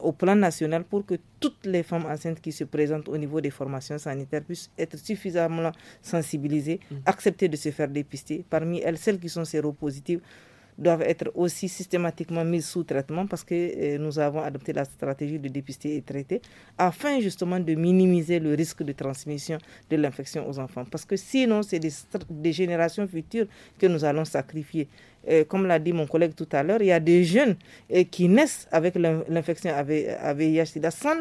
au plan national pour que toutes les femmes enceintes qui se présentent au niveau des formations sanitaires puissent être suffisamment sensibilisées, accepter de se faire dépister. Parmi elles, celles qui sont séropositives doivent être aussi systématiquement mises sous traitement parce que euh, nous avons adopté la stratégie de dépister et traiter afin justement de minimiser le risque de transmission de l'infection aux enfants. Parce que sinon, c'est des, des générations futures que nous allons sacrifier. Euh, comme l'a dit mon collègue tout à l'heure, il y a des jeunes euh, qui naissent avec l'infection à VIH-Sida sans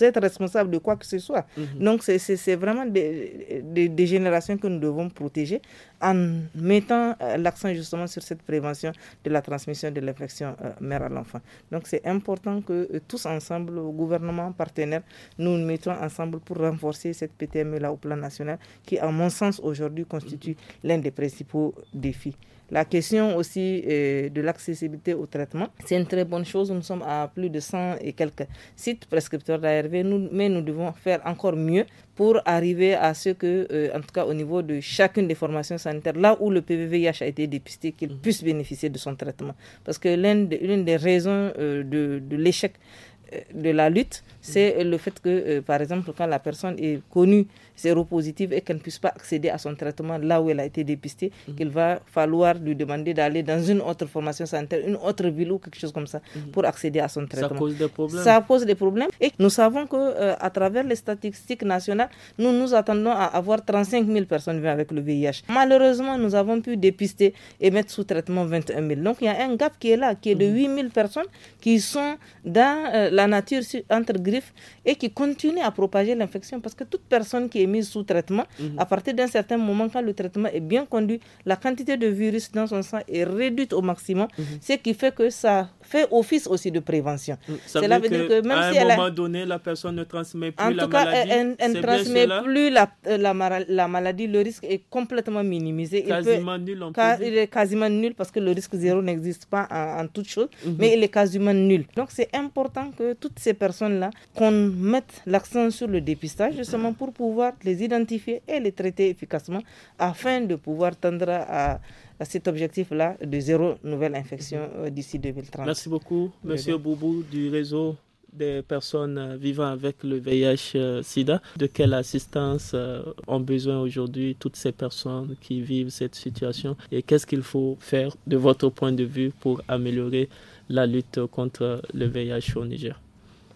être responsables de quoi que ce soit. Mhm. Donc, c'est vraiment des, générations que nous devons protéger en mettant euh, l'accent justement sur cette prévention de la transmission de l'infection mère à l'enfant. Donc, c'est important que tous ensemble, gouvernement, partenaires, nous nous mettons ensemble pour renforcer cette PTME-là au plan national qui, à mon sens, aujourd'hui constitue mhm. l'un des principaux défis. La question aussi euh, de l'accessibilité au traitement, c'est une très bonne chose. Nous sommes à plus de 100 et quelques sites prescripteurs d'ARV, mais nous devons faire encore mieux pour arriver à ce que, euh, en tout cas au niveau de chacune des formations sanitaires, là où le PVVIH a été dépisté, qu'il mm-hmm. puisse bénéficier de son traitement. Parce que l'une des raisons euh, de, de l'échec de la lutte, c'est euh, le fait que, euh, par exemple, quand la personne est connue séropositive et qu'elle ne puisse pas accéder à son traitement là où elle a été dépistée, mhm. qu'il va falloir lui demander d'aller dans une autre formation sanitaire, une autre ville ou quelque chose comme ça, mhm. pour accéder à son traitement. Ça pose des problèmes. Ça pose des problèmes. Et nous savons que euh, à travers les statistiques nationales, nous nous attendons à avoir 35 000 personnes vivant avec le VIH. Malheureusement, nous avons pu dépister et mettre sous traitement 21 000. Donc il y a un gap qui est là, qui est de 8 mhm. 000 personnes qui sont dans la nature entre gris et qui continue à propager l'infection. Parce que toute personne qui est mise sous traitement, mhm. à partir d'un certain moment, quand le traitement est bien conduit, la quantité de virus dans son sang est réduite au maximum, mhm. ce qui fait que ça fait office aussi de prévention. Cela veut, dire que, même à un moment donné, la personne ne transmet plus en la tout cas, Elle, ne transmet plus euh, la, maladie. Le risque est complètement minimisé. Quasiment il nul. En plus il est quasiment nul parce que le risque zéro n'existe pas en, toute chose, mhm. mais il est quasiment nul. Donc c'est important que toutes ces personnes-là, qu'on mette l'accent sur le dépistage justement pour pouvoir les identifier et les traiter efficacement afin de pouvoir tendre à à cet objectif-là de zéro nouvelle infection euh, d'ici 2030. Merci beaucoup, Monsieur Boubou du réseau des personnes euh, vivant avec le VIH-Sida. Euh, de quelle assistance ont besoin aujourd'hui toutes ces personnes qui vivent cette situation et qu'est-ce qu'il faut faire de votre point de vue pour améliorer la lutte contre le VIH au Niger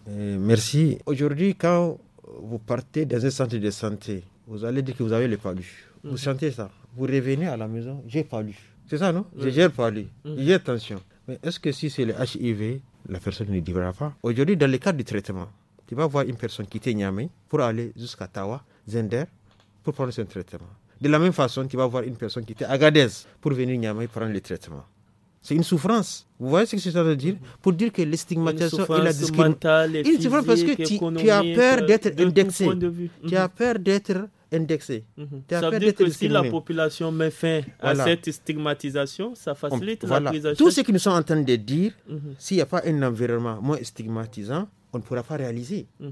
Merci. Aujourd'hui, quand vous partez dans un centre de santé, vous allez dire que vous avez le palu. Vous mm. sentez ça vous revenez à la maison, j'ai pas lu. C'est ça, non J'ai fallu. pas lu. Mmh. J'ai tension. Mais est-ce que si c'est le HIV, la personne ne dira pas Aujourd'hui, dans le cadre du traitement, tu vas voir une personne quitter Niamey pour aller jusqu'à Tawa, Zender, pour prendre son traitement. De la même façon, tu vas voir une personne quitter Agadez pour venir Niamey prendre le traitement. C'est une souffrance. Vous voyez ce que je suis en train de dire Pour dire que les et la discrimination. Mentale, et parce que tu as euh, mmh. peur d'être indexé. Tu as peur d'être indexé. Mhm. Ça veut dire que si la population met fin à cette stigmatisation, ça facilite voilà. Tout ce qu'ils sont en train de dire, mhm. s'il n'y a pas un environnement moins stigmatisant, on ne pourra pas réaliser. Mhm.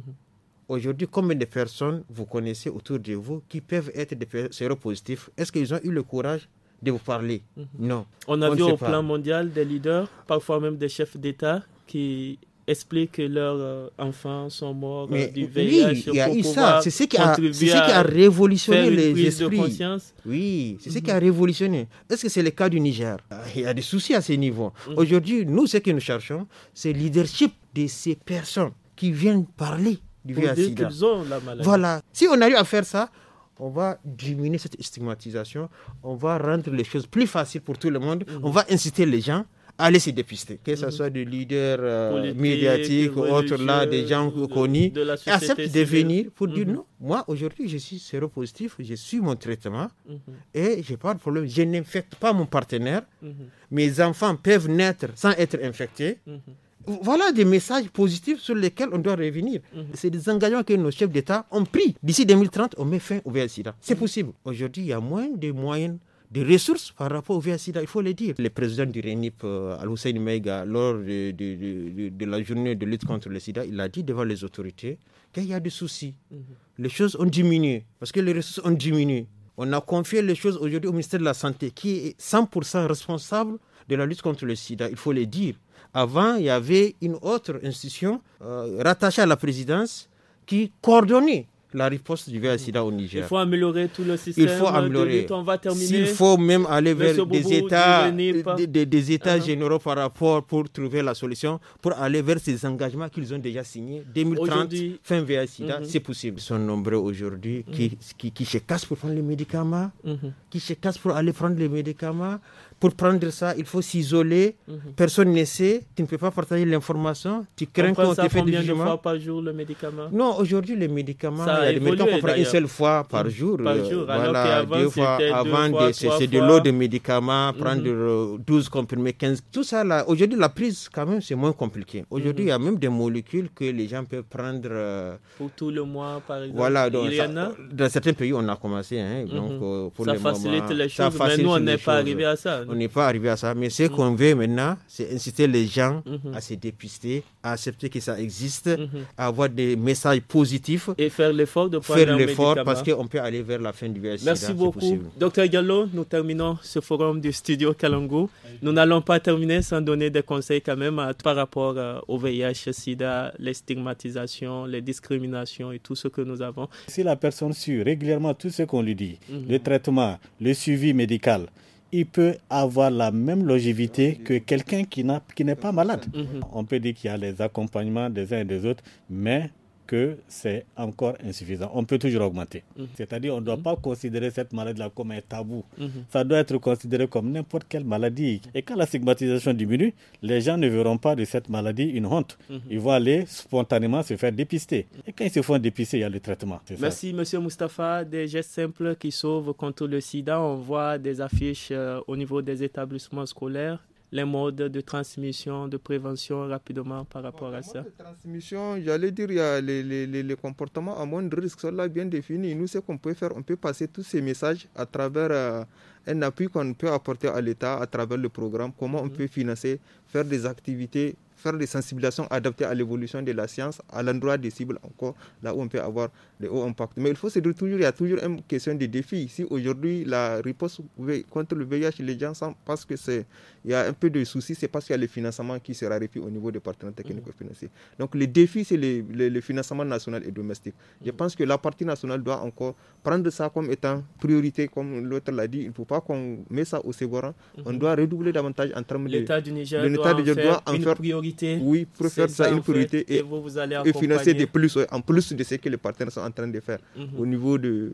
Aujourd'hui, combien de personnes vous connaissez autour de vous qui peuvent être des séropositifs Est-ce qu'ils ont eu le courage de vous parler Non. On a vu au plan mondial des leaders, parfois même des chefs d'État, qui expliquent que leurs euh, enfants sont morts mais du VIH. Oui, il y a eu ça. C'est ce qui a, révolutionné les esprits. De conscience. Oui, c'est ce qui a mhm. révolutionné. Est-ce que c'est le cas du Niger ah, Il y a des soucis à ce niveau. Mhm. Aujourd'hui, nous, ce que nous cherchons, c'est le leadership de ces personnes qui viennent parler du VIH. Voilà. Si on arrive à faire ça, on va diminuer cette stigmatisation, on va rendre les choses plus faciles pour tout le monde, mhm. on va inciter les gens allez se dépister, que ce mhm. soit des leaders euh, médiatiques ou autres, là, des gens connus, de de venir pour dire mhm. non, moi aujourd'hui je suis séropositif, je suis mon traitement mhm. et je n'ai pas de problème, je n'infecte pas mon partenaire, mes enfants peuvent naître sans être infectés. Voilà des messages positifs sur lesquels on doit revenir. C'est des engagements que nos chefs d'État ont pris. D'ici 2030, on met fin au vih C'est possible. Aujourd'hui, il y a moins de moyens des ressources par rapport au VIH-Sida, il faut le dire. Le président du RENIP, euh, Al-Hussein Meiga, lors de, la journée de lutte contre le sida, il a dit devant les autorités qu'il y a des soucis. Mhm. Les choses ont diminué, parce que les ressources ont diminué. On a confié les choses aujourd'hui au ministère de la Santé, qui est 100% responsable de la lutte contre le sida, il faut le dire. Avant, il y avait une autre institution euh, rattachée à la présidence qui coordonnait la réponse du VIH au Niger. Il faut améliorer tout le système. Il faut améliorer. S'il faut même aller vers euh, des États, des, uh-huh. États généraux par rapport pour trouver la solution, pour aller vers ces engagements qu'ils ont déjà signés. 2030, fin VIH uh-huh. sida, c'est possible. Ils sont nombreux aujourd'hui uh-huh. qui, qui, se cassent pour prendre les médicaments, qui se cassent pour aller prendre les médicaments pour prendre ça, il faut s'isoler. Mhm. Personne ne sait. Tu ne peux pas partager l'information. Tu crains qu'on te fait du jugement. fois par jour le médicament Non, aujourd'hui, les médicaments, y a évolué, qu'on prend une seule fois par mhm. jour. Par euh, jour. avant, deux fois. Avant, c'est de l'eau de médicaments, prendre 12 comprimés, 15. Tout ça, là, aujourd'hui, la prise, quand même, c'est moins compliqué. Aujourd'hui, il y a mhm. même des molécules que les gens peuvent prendre. Euh, pour tout le mois, par exemple. Voilà, dans certains pays, on a commencé. Hein, donc, euh, pour ça les facilite les choses, mais nous, on n'est pas arrivé à ça. On n'est pas arrivé à ça. Mais ce mm. qu'on veut maintenant, c'est inciter les gens mm-hmm. à se dépister, à accepter que ça existe, mm-hmm. à avoir des messages positifs. Et faire l'effort de prendre Faire l'effort parce qu'on peut aller vers la fin du VIH. Merci beaucoup. Docteur Gallo, nous terminons ce forum du studio Kalango. Nous n'allons pas terminer sans donner des conseils quand même par rapport euh, au VIH, SIDA, les stigmatisations, les discriminations et tout ce que nous avons. Si la personne suit régulièrement tout ce qu'on lui dit, le mm-hmm. traitement, le suivi médical, il peut avoir la même longévité que quelqu'un qui, n'est pas malade. Mhm. On peut dire qu'il y a les accompagnements des uns et des autres, mais que c'est encore insuffisant. On peut toujours augmenter. Mhm. C'est-à-dire, on ne doit mhm. pas considérer cette maladie-là comme un tabou. Mhm. Ça doit être considéré comme n'importe quelle maladie. Et quand la stigmatisation diminue, les gens ne verront pas de cette maladie une honte. Ils vont aller spontanément se faire dépister. Et quand ils se font dépister, il y a le traitement. Merci, Monsieur Mustapha. Des gestes simples qui sauvent contre le sida. On voit des affiches euh, au niveau des établissements scolaires les modes de transmission, de prévention rapidement par rapport à ça. De transmission, j'allais dire, il y a les, les, les, comportements à moindre risque, cela est bien défini. Nous, ce qu'on peut faire, on peut passer tous ces messages à travers euh, un appui qu'on peut apporter à l'État, à travers le programme, comment on mhm. peut financer, faire des activités faire des sensibilisations adaptées à l'évolution de la science, à l'endroit des cibles encore, là où on peut avoir des hauts impacts. Mais il faut se toujours, il y a toujours une question de défi. Si aujourd'hui, la réponse contre le VIH, les gens sont parce que c'est, il y a un peu de soucis, c'est parce qu'il y a le financement qui se raréfie au niveau des partenaires mm. techniques financiers Donc, le défi, c'est le, le, financement national et domestique. Je mm. pense que la partie nationale doit encore prendre ça comme étant priorité, comme l'autre l'a dit. Il ne faut pas qu'on met ça au sévérant. Hein. Mm-hmm. On doit redoubler davantage en termes de. L'État du Niger doit, faire, en priorité oui, pour faire ça, une priorité et, et, financer de plus, en plus de ce que les partenaires sont en train de faire. Mhm. Au niveau de,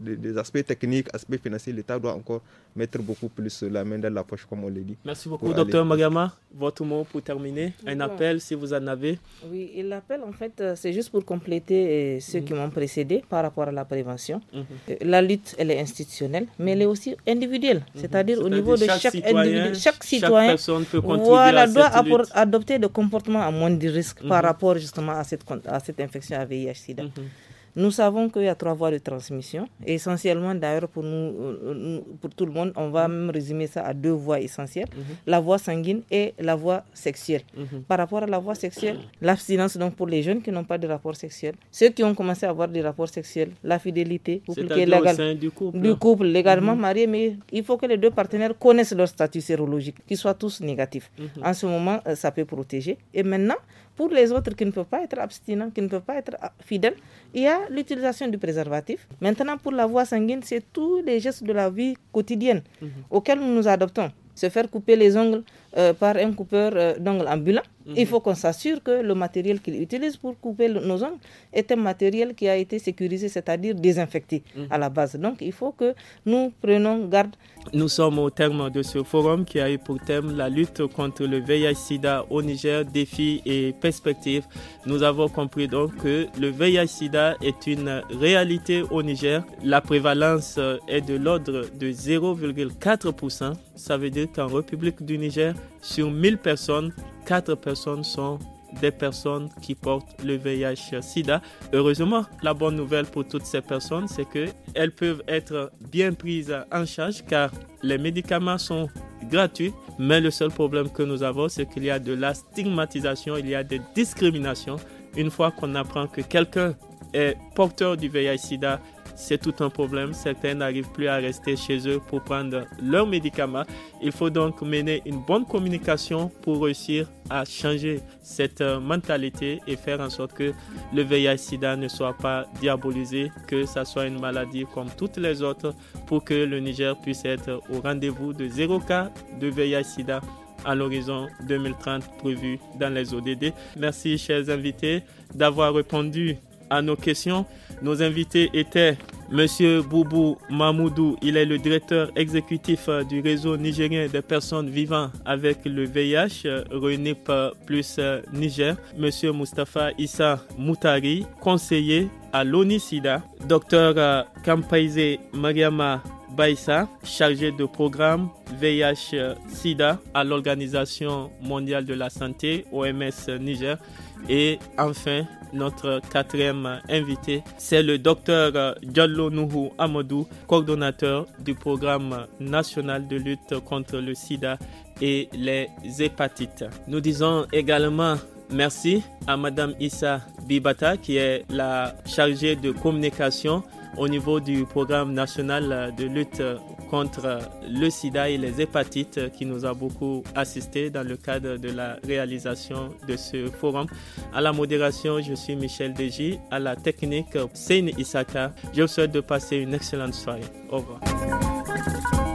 des aspects techniques, aspects financiers, l'État doit encore mettre beaucoup plus la main dans la poche, comme on l'a dit. Merci beaucoup, docteur Magama. Votre mot pour terminer, un appel si vous en avez. Oui, l'appel, en fait, euh, c'est juste pour compléter euh, ceux qui mhm. m'ont précédé par rapport à la prévention. Mhm. Euh, la lutte, elle est institutionnelle, mais elle est aussi individuelle, c'est-à-dire au niveau de chaque, citoyen, chaque citoyen, personne peut contribuer doit de comportement à moins de risque par mhm. rapport justement à cette, à cette infection à VIH-Sida. Mhm. Nous savons qu'il y a trois voies de transmission. essentiellement, d'ailleurs, pour, euh, euh, nous, pour tout le monde, on va même résumer ça à deux voies essentielles, mhm. la voie sanguine et la voie sexuelle. Mhm. Par rapport à la voie sexuelle, l'abstinence, donc pour les jeunes qui n'ont pas de rapport sexuel, ceux qui ont commencé à avoir des rapports sexuels, la fidélité, couple du, couple. du hein. couple, légalement mhm. marié, mais il faut que les deux partenaires connaissent leur statut sérologique, qu'ils soient tous négatifs. En ce moment, euh, ça peut protéger. Et maintenant, pour les autres qui ne peuvent pas être abstinents, qui ne peuvent pas être ah, fidèles, il y a l'utilisation du préservatif. Maintenant, pour la voie sanguine, c'est tous les gestes de la vie quotidienne mhm. auxquels nous nous adoptons. Se faire couper les ongles, euh, par un coupeur euh, d'ongles ambulant. Mhm. Il faut qu'on s'assure que le matériel qu'il utilise pour couper nos ongles est un matériel qui a été sécurisé, c'est-à-dire désinfecté mhm. à la base. Donc il faut que nous prenions garde. Nous sommes au terme de ce forum qui a eu pour thème la lutte contre le VIH-Sida au Niger, défis et perspectives. Nous avons compris donc que le VIH-Sida est une réalité au Niger. La prévalence est de l'ordre de 0,4%. Ça veut dire qu'en République du Niger, sur 1000 personnes, 4 personnes sont des personnes qui portent le VIH-Sida. Heureusement, la bonne nouvelle pour toutes ces personnes, c'est qu'elles peuvent être bien prises en charge car les médicaments sont gratuits. Mais le seul problème que nous avons, c'est qu'il y a de la stigmatisation, il y a des discriminations. Une fois qu'on apprend que quelqu'un est porteur du VIH-Sida, c'est tout un problème. Certains n'arrivent plus à rester chez eux pour prendre leurs médicaments. Il faut donc mener une bonne communication pour réussir à changer cette euh, mentalité et faire en sorte que le VIH-Sida ne soit pas diabolisé, que ça soit une maladie comme toutes les autres, pour que le Niger puisse être au rendez-vous de zéro cas de VIH-Sida à l'horizon 2030 prévu dans les ODD. Merci, chers invités, d'avoir répondu à nos questions. Nos invités étaient Monsieur Boubou Mamoudou, il est le directeur exécutif euh, du réseau nigérien des personnes vivant avec le VIH, euh, RENIP plus euh, Niger. Monsieur Mustafa Issa Moutari, conseiller à l'ONICIDA, sida Docteur Kampaise Mariama Baïsa, chargé de programme VIH-Sida à l'Organisation mondiale de la santé, OMS Niger. Et enfin, notre quatrième invité, c'est le docteur euh, Diallo Nuhu Amadou, coordonnateur du programme national de lutte contre le sida et les hépatites. Nous disons également merci à Madame Issa Bibata, qui est la chargée de communication au niveau du programme national de lutte contre le sida et les hépatites qui nous a beaucoup assisté dans le cadre de la réalisation de ce forum. À la modération, je suis Michel Deji, à la technique Seine Isaka. Je vous souhaite de passer une excellente soirée. Au revoir.